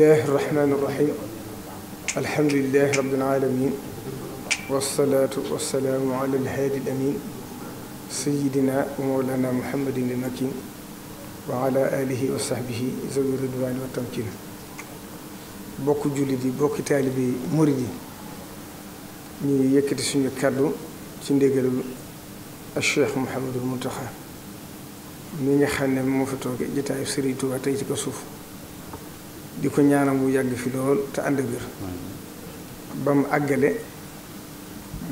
bismillahi irrahmani irrahim alhamdulilahi rabilalamin walsalaatu walsalaamu ala alhaadi alamin sayidina wa mawlana muhammadin ilmakin wa ala wa sahbihi zawi ridwani wa tamkin bokk jullit yi bokki taalibe yi murid yi ñu ngi yëkkati suñu kàddu ci ndégalu Cheikh Mouhamadul Mountakha mi nga xam ne moo fi toogee jotaayu Sëriñ tey ci ko suuf di ko ñaanal mu yàgg fi lool te ànd biir ba mu àggale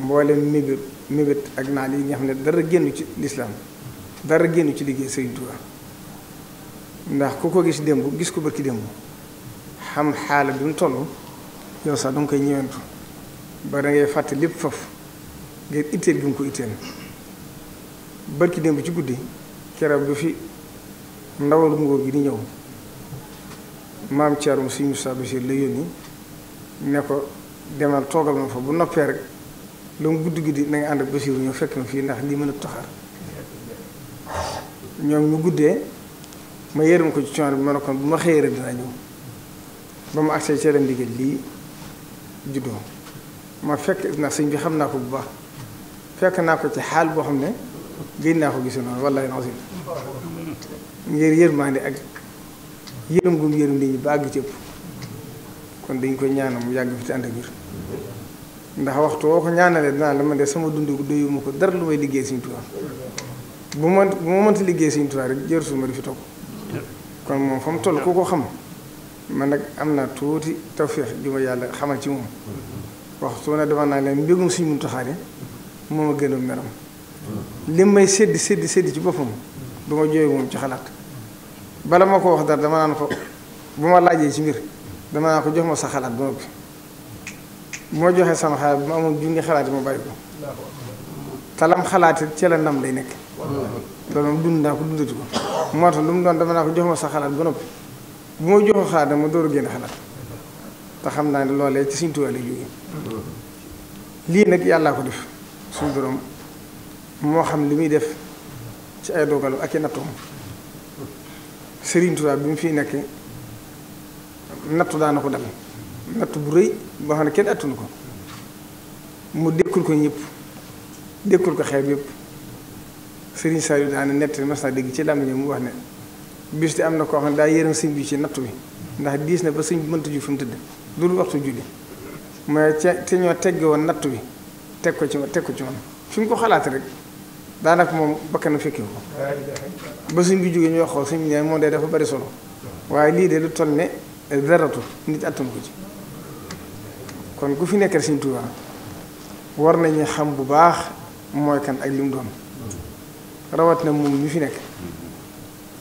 mboolem mébét mébét ak naan yi nga xam ne dara génn ci lislaam dara génn ci liggéey Sëriñ Tuubaa ndax ku ko gis démb gis ko bërki démb xam xaala bi mu toll yow sax danga koy ñëwantu ba da ngay fàtte lépp foofu ngir itteel gi mu ko itteel bërki démb ci guddi keroog bi fi ndawal nguur gi di ñëw maam Thierno Sëñ Moussa Bachir la yónni ne ko demal toogal ma fa bu noppee rek lu mu guddi guddi na nga ànd ak Bachir ñëw fekk na fii ndax lii mën a toxar ñoom ñu guddee ma yërëm ko ci coono bi ma ne bu ma xëyee rek ñëw ba mu agsee ci la ndigal lii juddoo ma fekk na sëñ bi xam naa ko bu baax fekk naa ko ci xaal boo xam ne génn naa ko gisoon wallaahi ngir yërmaande ak yërëm gum yërëm nit ñi ba àgg cëpp kon dañ koy ñaanam mu yàgg fi te ànd ak ndax waxtu woo ko ñaanalee dinaa la man de sama dund doyuma ko dara lu may liggéey Sëriñ Tuubaa bu ma bu ma mënti liggéey Sëriñ Tuubaa rek jër suma di fi toog kon moom fa mu toll ku ko xam man nag am naa tuuti tawféex ju ma yàlla xamal ci moom waxtu ne dama naa leen mbégum Sëriñ Muntaxaa moo ma gën a meram li may sedd sédd sedd ci boppam du ma jooy moom ci xalaat bala ma ko wax dara dama naan ko bu ma laajee ci mbir dama naan ko jox ma sa xalaat ba noppi bu joxee sama xalaat bu ma amoon junni xalaat ma bàyyi ko te xalaat it ci la ndam dund naa ko dundati ko moo tax lu mu doon dama naa ko jox ma sa xalaat ba noppi bu ma joxoo xalaat dama door a génn xalaat te xam naa ne loolee ci suñu tubaab lay jóge lii nag yàllaa ko def suñu borom moo xam li muy def ci ay dogalu ak i nattoom Serigne Touba bi mu fi nekk nattu daana ko dal nattu bu rëy boo xam ne kenn attunu ko mu dékkul ko ñëpp dékkul ko xeeb yëpp Serigne Saliou daana nett mas naa dégg ci làmmiñam mu wax ne bis di am na koo xam ne daa yërëm sëñ bi ci nattu bi ndax diis ne ba sëñ bi mënta ju fi mu tëdd loolu waxtu julli mooy ca te ñoo tegge woon nattu bi teg ko ci teg ko ci woon fi ko xalaat rek daanaka moom bakkanam fekki ko ba suñ bi jógee ñu wax ko suñ bi ñaan moom day dafa bari solo waaye lii de lu toll ne daratu nit attan ko ci kon ku fi nekkal Sëriñ Tuubaa war nañu xam bu baax mooy kan ak li mu doon rawat na moom ñu fi nekk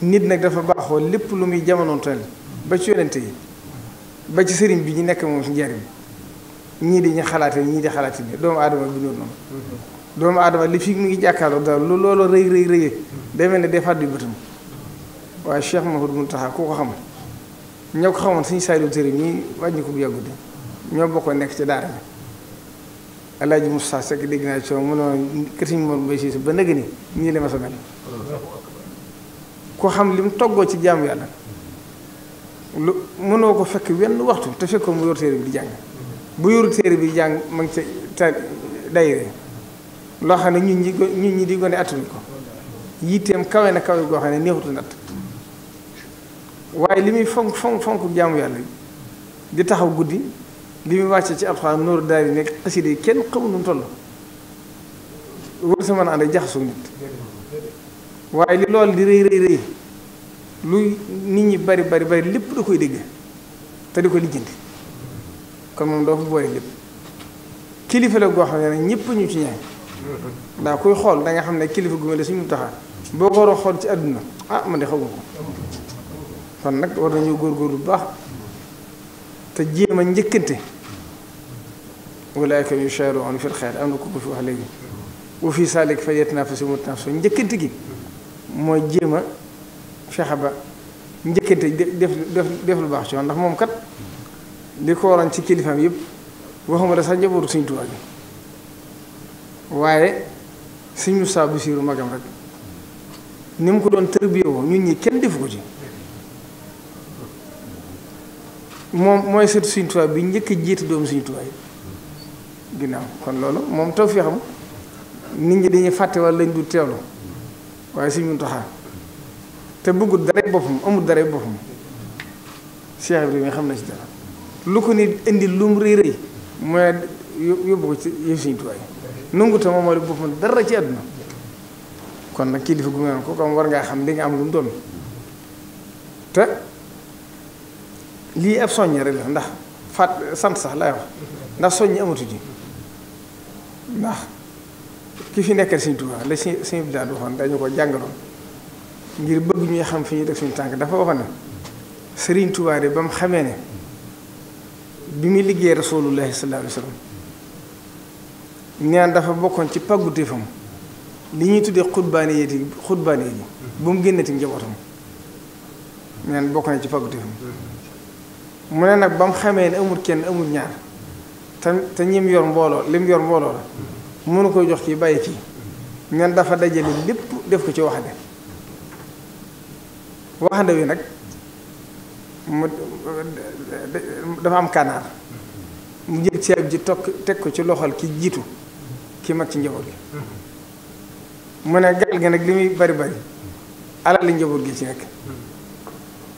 nit nag dafa baaxoo lépp lu muy jamonoon toll ba ci yonente yi ba ci sëriñ bi ñu nekk moom si njariñ ñii di ñu xalaate ñii di xalaate ni doomu aadama bi noonu doomu aadama li fi mu ngi jàkkaarloo dara lu loolu rëy rëy rëy day mel ne day fàddu bëtam waaye Cheikh Mahmoud Mountakha ku ko xam ñoo ko xamoon suñu saay dootari ñi wàññi ko bu yàggut nekk naa ci moom mu ne kër Sëriñ Mor Mbay Siise ba nëgg ni ñii la ma xam lim toggoo ci jaamu yàlla lu mënoo ko fekk wenn waxtu te fekkoo mu yor téere bi di jàng bu yoru téere bi di jàng ma ngi ca dayre loo xam ne ñun ñi ñun ñi di gone attuñ ko yitteem kawe na kawe goo xam ne néexutu natt waaye li muy fonk fonk fonk jaamu yàlla di taxaw guddi li muy wàcce ci alxuraan nooru daal di nekk xasida yi kenn xamu nu toll wër sa mën a ànd ak nit waaye li loolu di rëy rëy rëy lu nit ñi bari bari bari lépp da koy dégg te di ko lijjanti kon moom doo ko boole lépp kilifa goo xam ne ñëpp ñu ci ñaan ndax kuy xool da nga xam ne kilifa gu mel ne suñu taxaar boo ko war a xool ci àdduna ah man de xaw ma ko kon nag war góor góor bu baax te jéem a njëkkante walaayka yusaaruuna fil xayr am na ku ko fi wax léegi wa fii saalik fa yatanaafasi mutanaafisun njëkkante gi mooy jéem fexe ba njëkkante def def def lu baax ci ndax moom kat li ko waroon ci kilifaam yëpp waxuma la sax njabootu suñu tubaab yi waaye sëñ Moussa Bassirou magam rek ni mu ko doon tërbiyewoo ñun ñi kenn defu ko ci moom mooy sët Sëñ Tuubaa bi njëkk a jiite doomu Sëñ Tuubaa ginnaaw kon loolu moom taw fi xam nit ñi dañuy fàtte wala lañ du teewlu waaye Sëñ Muntaxaa te bëggul dara boppam amul dara boppam Cheikh Ibrahima xam na ci dara lu ko nit indi lum rëy rëy mooy yóbbu ko ci yëf Sëñ Tuubaa nanguta moomal boppam dara ci àdduna kon nag kilifa gu mel ko kon war ngaa xam li nga am lu mu doon te lii ab soññe rek la ndax fat sant sax laay wax ndax soññi amatu ji ndax ki fi nekkal Sëriñ Tuubaa la si suñu bilaad waxoon dañu ko jàngaloon ngir bëgg ñuy xam fi ñuy def suñu tànk dafa waxoon ne Sëriñ Tuubaa de ba mu xamee ne bi muy liggéey rasulullahi sallallahu alayhi wa sallam neen dafa bokkoon ci pàggutéefam li ñuy tuddee xutbaane yi xutbaane yi bu mu génnati njabootam neen bokk na ci pàggutéefam mu ne nag ba mu xamee ne amul kenn amul ñaar te te yor mbooloo lim yor mbooloo la mënu ko jox kii bàyyi kii neen dafa dajale lépp def ko ci waxande waxande wi nag mu dafa am kanaar mu jël ceeb ji tokk teg ko ci loxol ki jiitu ki mag ci njaboot gi mu ne gaal gi nag li muy bari bari alal njaboot gi ci nekk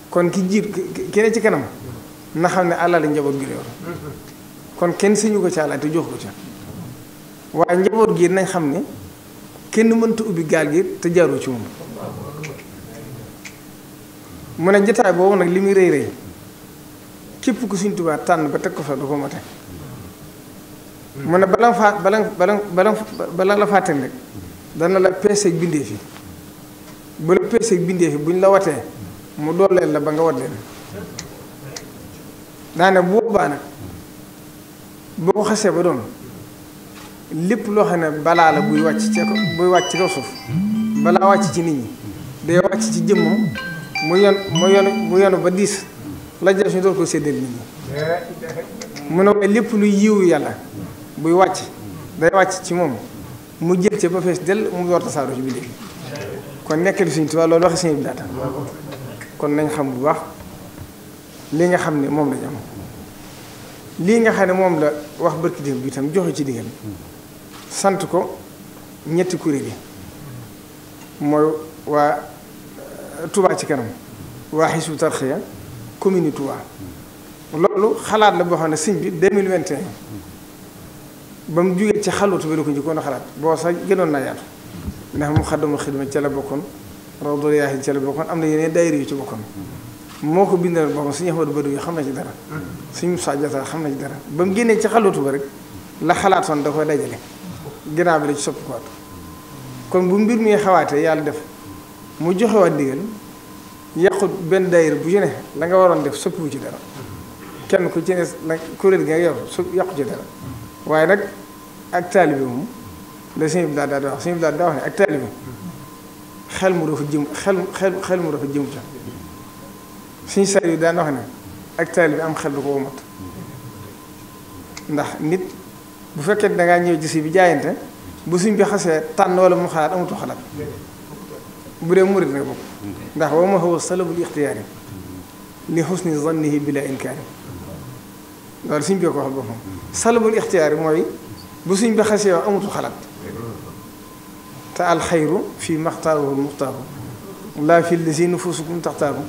kon ki jiit ki ne ci kanam na xam ne alal li njaboot gi la kon kenn sañu ko ci alal te jox ko ci waaye njaboot gi nañ xam ne kenn mënta ubbi gaal gi te jaaroo ci moom mu ne jotaay boobu nag li muy rëy rëy képp ku suñ tubaab tànn ba teg ko fa du ko mate mu ne bala faa bala bala bala bala la fàttali rek dana la peeseeg bindee fi bu la peeseeg bindee fi buñ la watee mu dooleel la ba nga wat leen daane bu boobaa nag boo xasee ba doon lépp loo xam ne balaa la buy wàcc ci buy wàcc ci kaw suuf balaa wàcc ci nit ñi day wàcc ci jëmmam mu yon mu yon mu yonu ba diis la jël suñu doon ko séddale nit ñi mu ne waaye lépp luy yiwu yàlla buy wàcc day wàcc ci moom mu jël ca ba fees dell mu door tasaaroo ci biir kon nekk di suñu tubaab loolu waxi suñu bi daata kon nañ xam bu baax li nga xam ne moom lañ am lii nga xam ne moom la wax barki démb bi itam joxe ci digal sant ko ñetti kuréel yi mooy waa euh, Touba ci kanam waa Hizbut Tarqiyyah commune Touba loolu xalaat la boo xam ne sëñ bi 2021 ba mu jugee ci xalutu bi da ko njëkkoon a xalaat boo sax genoon naa yaatu ndax mu xaddamu xidma ca la bokkoon raw doolu yaaxi ca la bokkoon am na yeneen daayira yu ci bokkoon moo ko bindal boppam suñu Ahmadu Badu xam na ci dara suñu Musaa Jataa xam na ci dara ba mu génnee ci xalutu ba rek la xalaatoon da koy dajale ginnaaw bi la ci soppikuwaat kon bu mbir mi xawaatee yàlla def mu joxewaat ndigal yàqut benn daayira bu ci ne la nga waroon def soppiwu ci dara kenn ku ci ne nag kuréel gi nga yàqu ci waaye nag ak taalibe moom la sëñ bi daal daal wax sëñ daal daa wax ne ak taalibe xel mu dafa jëm xel xel xel mu dafa jëm ca suñu yi daan wax ne ak taalibe am xel du ko womat ndax nit bu fekkee da ngaa ñëw gis bi jaayante bu suñ bi xasee tànn wala mu xalaat amatu xalaat bu dee murit nag bokk ndax wa ma huwa salabul ixtiyaari li xusni zannihi bila inkaari loolu suñ bee ko waxal boppam salbul ixtiyaar mooy bu suñ bi xasee wax amatu xalaat te alxayru fii maxtaaruhu muxtaaru laa fi lisi nufusukum taxtaaru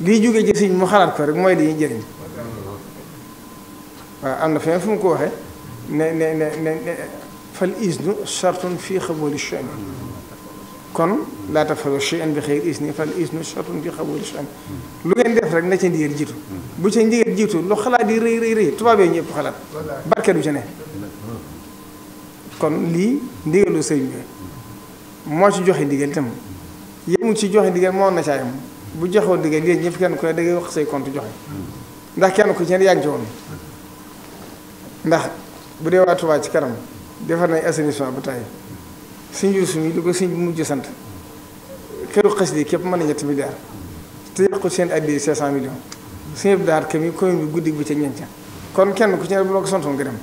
liy jógee ci suñ mu xalaat ko rek mooy li ñuy jëriñ waaw am na feneen fu mu ko waxee ne ne ne ne fal isnu chartun fii xabooli chani kon laa tafalu shay'an bi xayri isni fal isnu shartun bi xabuli shay'an lu ngeen def rek na ca ndigal jiitu bu ca ndigal jiitu lu xalaat yi rëy rëy rëy tubaab ñëpp xalaat barke du ca ne kon lii ndigalu sëriñ bi moo ci joxe tam itam mu ci joxe ndigal moo na caayam bu joxewoon ndigal yéen ñëpp kenn ku ne da ngay wax say compte joxe ndax kenn ku ci ne yaa ngi ci ndax bu dee waa Tuubaa ci kanam defar nañ assainissement ba tey sëñ Yuusu mi di mujj sant këru xas di képp mën na ñetti milliards te yàqu seen addi 500 millions sëñ bi daar kami commune bi guddi bi ca ñenca kon kenn ku ci ne bu ma ko sontoon nga dem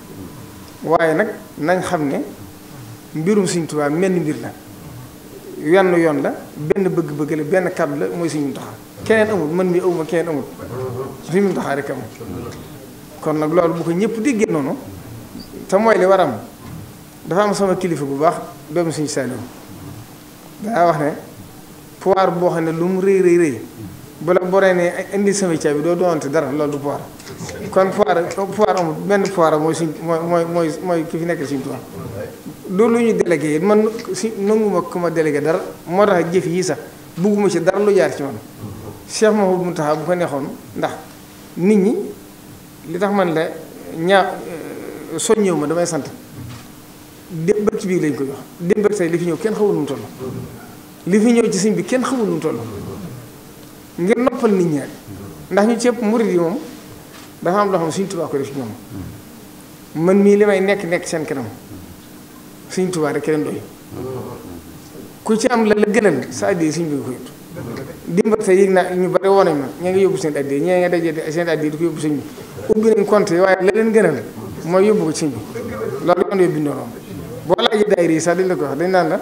waaye nag nañ xam ne mbirum sëñ Tuubaa menn mbir la wenn yoon la benn bëgg-bëgg benn kàddu la mooy sëñ Muntaxa keneen amul man mi awuma keneen amul sëñ Muntaxa kon nag loolu bu ko ñëpp déggee noonu te mooy li war dafa am sama kilifa bu baax doomi suñu Saliou daa wax ne pouvoir boo xam ne lu mu rëy rëy rëy bu la boree ne indi sama caabi doo doonante dara loolu du pouvoir kon pouvoir pouvoir amul benn pouvoir mooy suñ mooy mooy mooy mooy ki fi nekk suñu Tuubaa loolu lu ñu délégué man si nanguma ku ma délégué dara moo tax jëf yii sax bugguma ci dara lu jaar ci man Cheikh Mouhamadou Mountakha bu ko neexoon ndax nit ñi li tax man la ñaa soññëw ma damay sant démb ci biir lañ ko jox démb li fi ñëw kenn xamul nu mu toll. li fi ñëw ci siñ bi kenn xamul nu mu toll ngir noppal nit ñi ndax ñu ceeb murid yi moom dafa am loo xam Sëñ Tuubaa ko def ci ñoom man mii li may nekk nekk seen kanam Sëñ Tuubaa rek keneen doy ku ci am la la gënal sa addiya sëñ bi nga ko yóbbu dimbal tey yëg naa ñu bari woon nañ ma ña ngi yóbbu seen addiya ñee nga dajee seen addiya di ko yóbbu sëñ bi ubbi nañ compte waaye la leen gënal mooy yóbbu ko sëñ bi loolu yoon yóbbu boo laajee daayira yi sax dañ la ko wax dañ naan la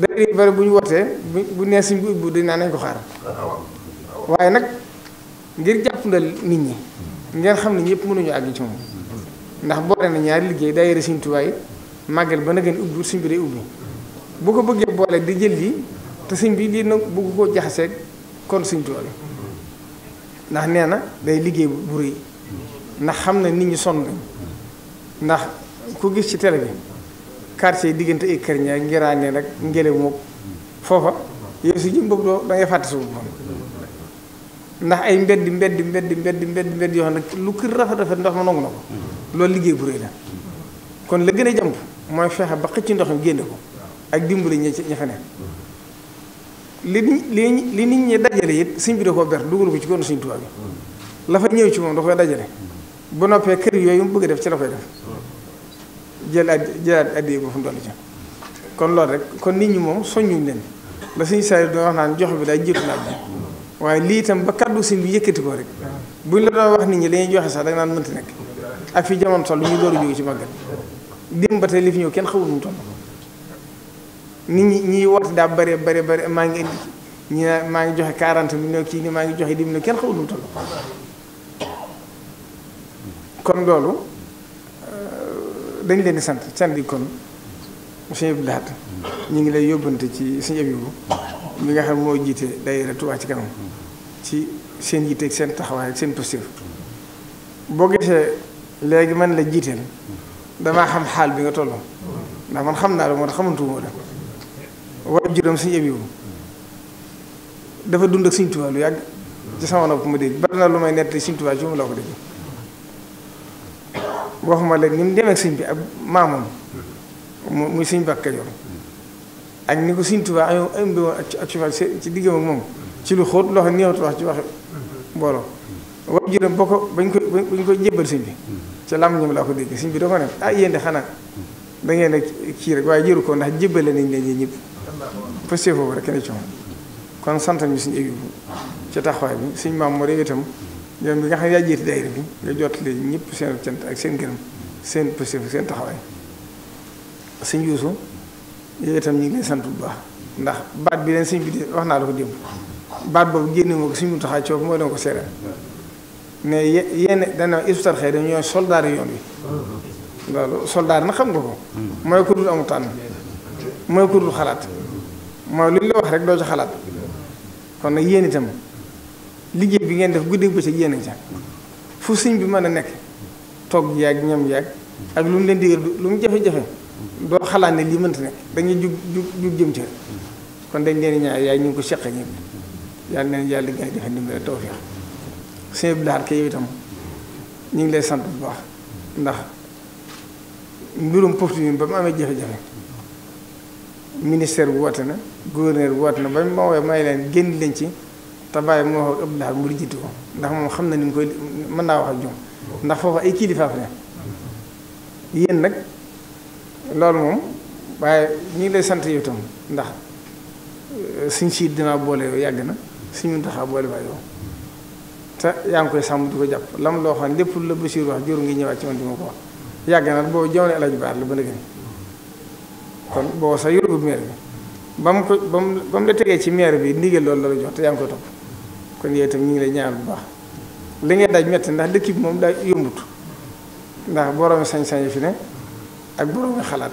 daayira bu ñu wootee bu bu nee suñ bu ubbi dañ naan nañ ko xaar waaye nag ngir jàppandal nit ñi ngeen xam ne ñëpp mënuñu àgg ci moom ndax boole na ñaari liggéey daayira Sëriñ Tuubaa yi màggal ba na gën ubbi suñ bi day ubbi bu ko bëggee boole di jël lii te suñ bi lii nag bëgg koo jaxaseeg kon Sëriñ Tuubaa ndax nee na day liggéey bu rëy ndax xam na nit ñi sonn ndax ku gis ci télé bi quartier diggante ay kër ñaar ngiraane nag ngelaw moom foofa yow si jëm boobu doo da ngay fàtte suñu boppam ndax ay mbedd mbedd mbedd mbedd mbedd mbedd yoo xam ne lu kër rafet rafet ndox ma nangu na loolu liggéey bu rëy la kon la gën a jàmp mooy fexe ba xëcc ndox mi génne ko ak dimbali ña ca ña fa li li li nit ñu dajale it sëñ bi da koo ber dugal ko ci kon sëñ Tuubaa bi la fa ñëw ci moom da koy dajale bu noppee kër yooyu mu bëgg a def ci la koy def. jëlaat jëlaat addi ba fu mu dolli ci kon loolu rek kon nit ñi moom soññuñ leen la suñu saa yi doon wax naan joxe bi daal jiitu na waaye lii itam ba kaddu si bi yëkkati ko rek buñ la doon wax nit ñi lañuy joxe sax da nga naan mënti nekk ak fi jamono toll ñu door a jóge ci màggal démb ba tey li fi ñëw kenn xawul mu toll ñi ñiy daa bare bare bare maa ngi indi maa ngi joxe 40 millions kii nii maa ngi joxe 10 millions kenn xawul mu kon loolu. dañ leen di sant cant di kon monsieur Abdou Lahad ñu ngi lay yóbbante ci suñu abibu mi nga xam moo jiite daayira Touba ci kanam ci seen yitte ak seen taxawaay ak seen posture boo gisee léegi man la jiiteel damaa xam xaal bi nga toll ndax man xam naa la moo tax xamantu moo def waaye juróom suñu abibu dafa dund ak Sëriñ Tuubaa lu yàgg ci sama ma dégg bari lu may nett Sëriñ Tuubaa ci moom laa ko dégg waxuma la ni mu demee sëñ bi ak maamam muy sëñ Mbàkke Kajoor ak ni ko sëñ Tuubaa ay am woon ak ci diggam ak moom ci lu xóot loo xam neexatu wax ci wax mbooloo wax juróom boo ko bañ ko bañ ko jébbal sëñ bi ca ñoom laa dégg sëñ bi da ne ah yéen de xanaa da ngeen ne kii rek waaye jëru ko ndax jébbale nañ leen ñëpp foofu rek ci moom kon sant ñu suñu équipe bi suñ maam moo itam yow mi nga xam yaa yaa jiite daayira bi nga jottali ñëpp seen cant ak seen gërëm seen positif seen taxawaay sëñ Yuusu yow itam ñu ngi leen sant bu baax ndax baat bi leen sëñ bi de wax naa la ko démb baat boobu génne moo ko suñu taxaw coow moo doon ko seeral ne yenn dana istar xëy dañu ñooy soldaar yoon wi loolu soldaar na xam nga ko mooy ku dul amu tànn mooy ku xalaat mooy lu la wax rek doo ci xalaat kon nag yéen itam liggéey bi ngeen def guddeeg bëccëg si génn ngi ca fu sëñ bi mën a nekk togg yàgg ñam yàgg ak lu mu leen digal lu mu jafe-jafe doo xalaat ne lii mënta nekk dañuy jug jug jëm ca kon dañ leen ñaar yaay ñu ngi ko seqe ñëpp yàlla neen yàlla gars yi dafa dimbale tawfeex sëñ bi laar ke yow itam ñu ngi lay sant bu baax ndax mbirum poftu ba mu amee jafe-jafe ministère bu woote na gouverneur bu woote na ba mu ma may leen génn leen ci te bàyyi moo wax Abdou Lahad mu lijjanti ko ndax moom xam na ni mu koy mën naa wax a jom ndax foofu ay kilifa fa ne yéen nag loolu moom waaye ñu ngi lay sant yow tam ndax euh, suñ si dinaa boole yow yàgg na suñ mun taxa boole waay yow te yaa ngi koy sàmm di ko jàpp lam loo xam lépp la Bachir wax jur ngi ñëwaat ci man di ma ko wax yàgg na boobu jamono El Hadj Baar la ba na gën kon boo sax yóbbu maire bi ba mu ko ba mu la tegee ci maire bi ndigal loolu la la jox te yaa kon yooyu itam ñu ngi lay ñaan bu baax li ngeen daj metti ndax dëkk bi moom daa yombut ndax boroomi sañ-sañ fi ne ak boroomi xalaat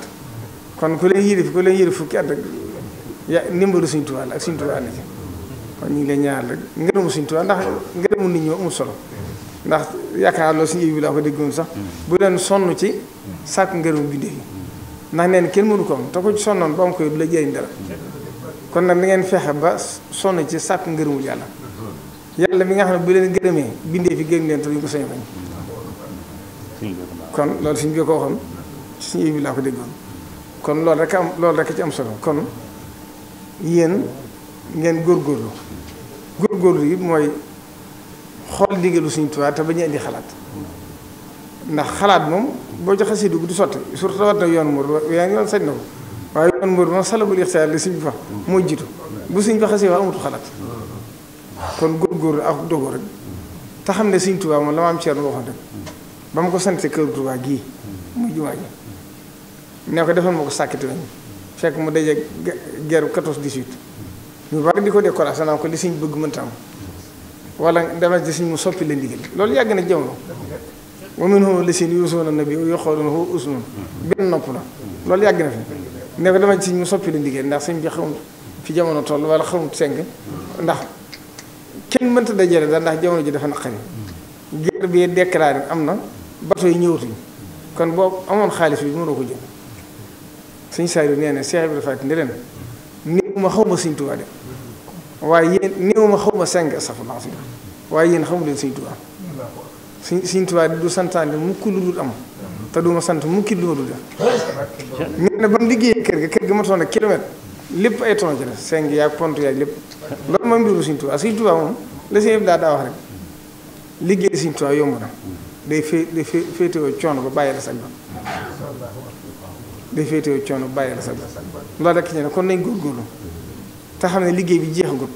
kon ko leen yërif ku leen yërif fukki at rek ya ndimbalu Sëñ Tuubaa la ak Sëñ Tuubaa ànd ci ngi lay ñaan rek ngërëmu Sëñ Tuubaa ndax ngërëmu nit ñi amul solo ndax yaakaar loolu suñu bi laa ko déggoon sax bu leen sonn ci sàkku ngërëmu bindee yi ndax neen kenn mënu ko am te ko ci sonnoon ba am koy du la jëriñ dara kon nag na ngeen fexe ba sonn ci sàkku ngërëmul yàlla yàlla mi nga xam ne bu leen gërëmee bindee fi gërëm leen te duñ ko sañ kon loolu suñ bi ko waxoon suñu bi laa ko déggoon kon loolu rek am loolu rek ci am solo kon yéen ngeen góorgóorlu góorgóorlu yi mooy xool ndigalu suñu Tuubaa bañ a indi xalaat ndax xalaat moom boo joxe si dugg du sotti surtout yoon muur yaa ngi yoon sañ na ko waaye yoon muur moom salabul ixtiyaar li suñ bi fa moo jiitu bu suñ bi xasee wax amutu xalaat kon góor ak dogo rek te xam ne Sëriñ Tuubaa moom la ma am ceerno waxoon rek ba ma ko sant kër Tuubaa gii muy jumaa ji ne ko defal ma ko sàkkiti lañ fekk mu daje geeru 14 18 ñu bari di ko décoration naa ko li Sëriñ bëgg mënta am wala dama gis mu soppi la ndigal loolu yàgg na jamono wa minhum lazina yu'zuuna nabiyya yaquluuna huwa uzun benn nopp la loolu yàgg na fi ne ko dama gis mu soppi la ndigal ndax sëñ bi xamul fi jamono toll wala xamul seng ndax kenn mënta dajale daal ndax jamono ji dafa naqari guerre bi déclaré am na bato yi ñëwatuñ kon boo amoon xaalis bi mënoo ko jël suñ saa yu nee na Cheikh Ibrahima Fati ne leen néew ma xaw ma suñ Tuubaa de waaye yéen néew ma xaw ma seng astafurlah waaye yéen xamu leen suñ Tuubaa suñ suñ Tuubaa du santaane mukk lu dul am te du ma sant mukk lu ma dul def nee na ba mu liggéeyee kër gi kër gi ma toon ak kilomètre lépp ay tontu la seng lépp. loolu mooy mbiru Sëriñ Tuubaa Sëriñ Tuubaa moom la sëñ bi daa daa wax rek liggéey Sëriñ Tuubaa yomb na day fee day coono ba bàyyi la sag ba day féetewoo coono ba bàyyi la sag ba loolu rek ci ne kon nañ góorgóorlu te xam ne liggéey bi jeexagut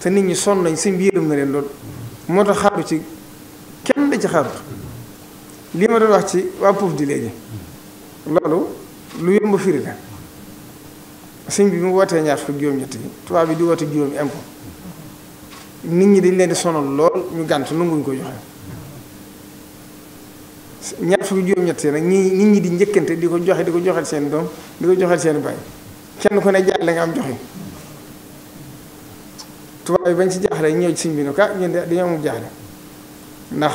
te nit ñi sonn nañ sëñ bi yërëm na leen loolu moo tax xaaru ci kenn da ci xaarut lii ma doon wax ci waa Pouf di léegi loolu lu yomb firi la sëñ bi mu wootee ñaar fukk juróom-ñett yi tubaab bi di woote juróomi impôt nit ñi dañ leen di sonal lool ñu gàntu nanguñ ko joxe ñaar fukk juróom-ñett yi ñi nit ñi di njëkkante di ko joxe di ko joxel seen doom di ko joxel seen baay kenn ku ne jàll nga am joxe tubaab yi bañ ci jaaxle ñëw ci sëñ bi ne ko ah ñun de dañoo amul jaaxle ndax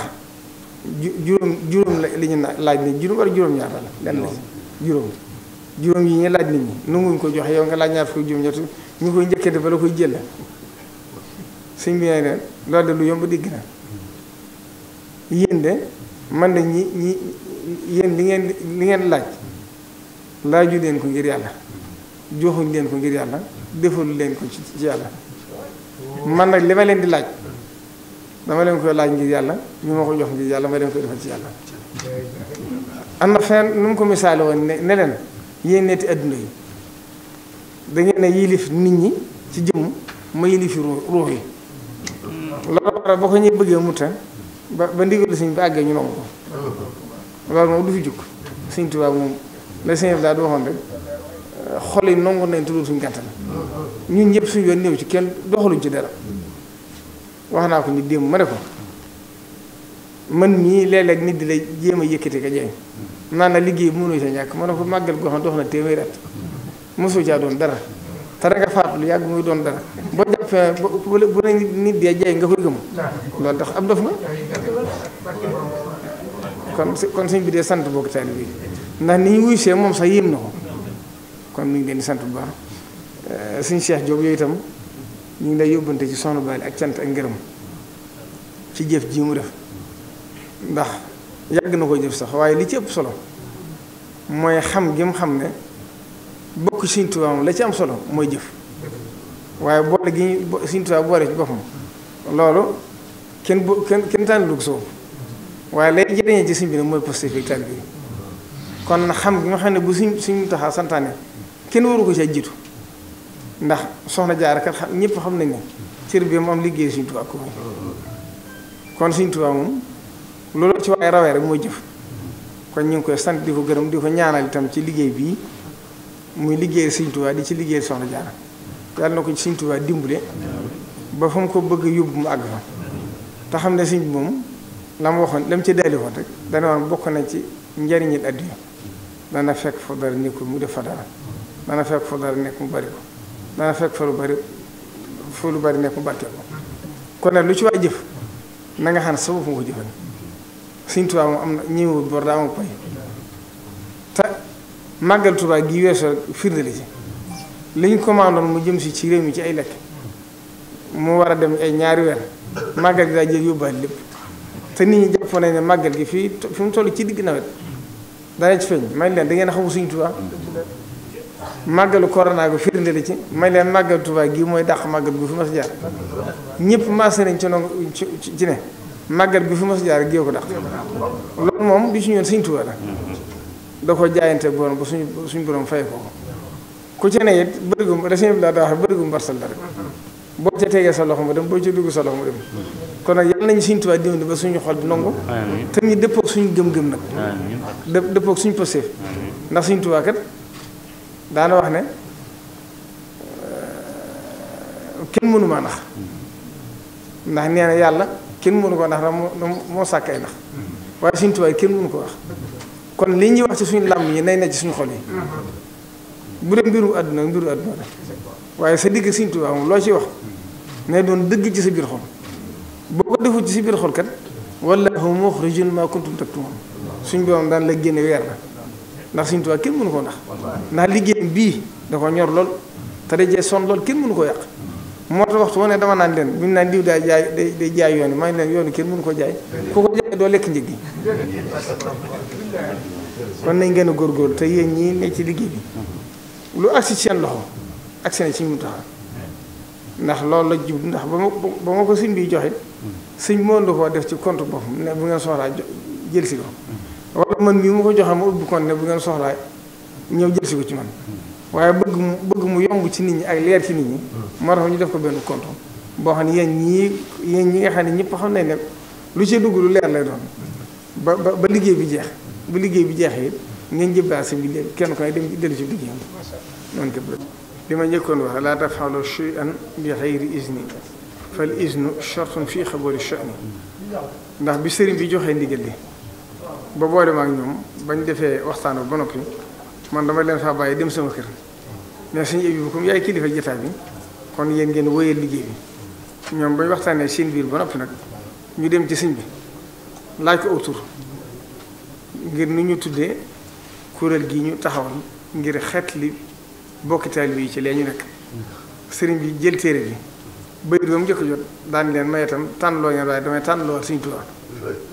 ju juróom juróom la li ñu laaj ni juróom wala juróom-ñaar la lenn la juróom juróom yi nga laaj nit ñi nanguñ ko joxe yow nga laaj ñaar fukki juróom ñett ñu koy njëkkante ba la koy jël sëñ bi nee na de lu yomb dégg na yéen de man de ñi ñi yéen li ngeen li ngeen laaj laaju leen ko ngir yàlla joxuñ leen ko ngir yàlla defalu leen ko ci ci yàlla man nag li ma leen di laaj dama leen koy laaj ngir yàlla ñu ma ko jox ngir yàlla ma leen koy defal ci yàlla am na fenn nu mu ko misaale woon ne ne leen yéen netti adduna yi dangeen a yilif nit ñi ci jëmm ma yilifi ruux yi loolu waral ba ko ñuy bëggee mu ta ba ba ndigalu sëñ ba àggee ñu nangu ko loolu moom du fi jukk sëñ Tuubaa moom la sëñ bi di waxoon rek euh, xol yi nañ tudd suñ gàttal ñun ñëpp suñ yoon néew ci kenn doxaluñ ci dara wax naa ko ni démb ma ko man mii léeg-léeg nit di la jéem a yëkkati ka jeeñ naan na liggéey mënoo ca ñàkk ma ne ko màggal goo xam dox na téeméer at mosoo caa doon dara te da nga faatu lu yàgg mooy doon dara boo jàppee bu ne nit dee jaay nga koy gëm loolu tax am dof nga kon kon suñ bi dee sant bokk taali bi ndax ni ñu wuysee moom sax yéem na ko kon ñu ngi leen di sant bu baax eh, suñ Cheikh Diop yooyu itam ñu ngi lay yóbbante ci soxna Bally ak sant ak ngërëm ci jëf ji mu def ndax yàgg na ko jëf sax waaye li ci ëpp solo mooy xam gi mu xam ne bokk Sëriñ Tuubaa moom la ci am solo mooy jëf waaye boole gi Sëriñ Tuubaa boole ci boppam loolu kenn bu kenn kenn tànn dugg soobu waaye lay jëriñee ci sëñ bi ne bi kon xam gi nga xam ne bu suñ suñ taxa santaane kenn waru ko ci jiitu ndax soxna jaar kat xam ñëpp xam nañ ne cër bi moom liggéey Sëriñ Tuubaa ko kon Sëriñ Tuubaa moom. ko ci waaye rawee rek mooy jëf kon ñu ngi koy sant di ko gërëm di ko ñaanal itam ci liggéey bii muy liggéey Sëriñ Tuubaa di ci liggéey Soxna Jaara yàlla na ko ci Sëriñ Tuubaa dimbale ba fa mu ko bëgg yóbbu mu àgg fa te xam ne sëriñ moom la mu waxoon lam ci delli woon dana bokk na ci njariñil addiya dana fekk fa dara mu def fa dana fekk fa nekk mu bari ko dana fekk fa lu bari fa lu bari nekk mu barke ko kon nag lu ci waay jëf na nga xam ne sababu nga ko jëfal Sëñ Tuubaa moom am na ñëwul bor daa ma pay te màggal Tuubaa gi weesu rek ci li ñu commandoon mu jëm si ci réew mi ci ay lekk mu war a dem ay ñaari weer màggal gi daa jël yóbbaale lépp te nit ñi jàpp nañ màggal gi fii fi mu toll ci digg nawet dana ci feeñ may leen da ngeen xamu Sëñ Tuubaa màggalu corona bi firnde la ci may leen màggal Tuubaa gi mooy dàq màggal gu fi mas jaar ñëpp maase nañ ci ci ne màggat bi fu mas jaar géew ko dàq loolu moom du ci ñoon sëñ Tuubaa la da ko jaayante borom ba suñu suñu borom fay ko ku ci ne it bërigum resin bi daa daa wax bërigum mbarsal la rek boo ca tegee sa loxo ma dem boo ca dugg sa loxo mu dem kon nag yàlla nañu sëñ Tuubaa dimbali ba suñu xol bi nangu te ñu dëppoog suñu gëm-gëm nag dë dëppoog suñu pëstéef ndax sëñ Tuubaa kat daana wax ne euh, kenn mënumaa nax ndax nee na yàlla kenn mënu ko ndax moo moo sàkk ay ndax waaye suñu tubaab kenn mënu ko wax kon li ñuy wax ci suñu làmb yi nay na ci suñu xol yi bu dee mbiru àdduna mbiru àdduna waaye sa digg suñu tubaab moom loo ci wax nay doon dëgg ci sa biir xol boo ko defu ci sa biir xol kat wallahu mukhrijun ma kuntum taktumun suñ borom daan la génne weer la ndax suñu tubaab kenn mënu ko ndax ndax liggéey bii da ñor lool te dajee son lool kenn mënu ko yàq moo tax waxtu ne dama naan leen bu ñu naan diw day jaay day day jaay yoon yi maa ngi leen yoon yi kenn mënu ko jaay ku ko jaay doo lekk njëg gi kon nañ gën góor góorgóorlu te yéen ñi ne ci liggéey bi lu agsi ci seen loxo agsi na ci ñu tax ndax loolu la jub ndax ba ma ba ma ko sëñ bi joxe sëñ mën na koo def ci compte boppam ne bu ngeen soxlaa jël si ko wala man mii mu ko joxe ma ubbi compte bu ngeen soxlaa ñëw jël si ko ci man waaye bëgg mu bëgg mu yomb ci nit ñi ak leer ci nit ñi. Hmm. moo tax ñu def ko benn compte boo xam ne yéen ñii yéen ñi nga xam ne ñëpp xam nañ ne lu ci dugg lu leer lay doon ba ba ba liggéey bi jeex ba liggéey bi jeexee it ngeen jëbbaal si liggéey kenn dem dellu ci liggéeyam. noonu képp li ma njëkkoon wax laa taf'alu shay'an bi ghayri izni fal iznu shartun fii xabari sha'ni hmm. ndax bi sëriñ bi joxee ndigal li ba boolema ak ñoom bañ defee waxtaan ba noppi. man dama leen faa bàyyi dem sama kër mais suñu ébi bu comme yaay kilifa jotaay bi kon yéen ngeen wéyal liggéey bi ñoom bañ waxtaanee seen biir ba noppi nag ñu dem ci bi laaj ko autour ngir nu ñu tuddee kuréel gi ñu taxawal ngir xeet li bokki taalibe yi ci lee ñu nekk sëriñ bi jël téere bi bayit ba mu njëkk jot daan leen may itam tànn loo ngeen waaye damay tànn loo suñu tubaab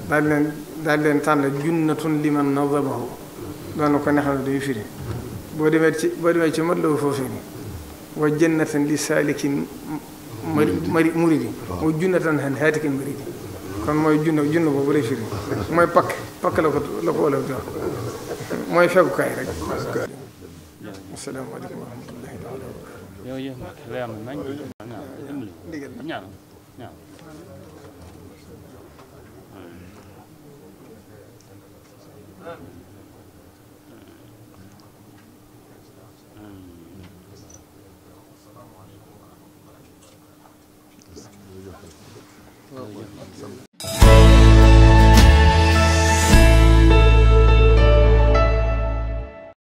daal leen daal leen tànn junnatun liman nazabahu loolu ko nexam dañuy firi boo demee ci boo demee ci mat la foofu wa jannatan li saalikin mari muridi wa junnatan han haatikin muridi kon mooy junn junn boobu lay firi mooy pakk pakk la ko la ko di wax mooy fegukaay rek asalaamaaleykum wa rahmatullahi taala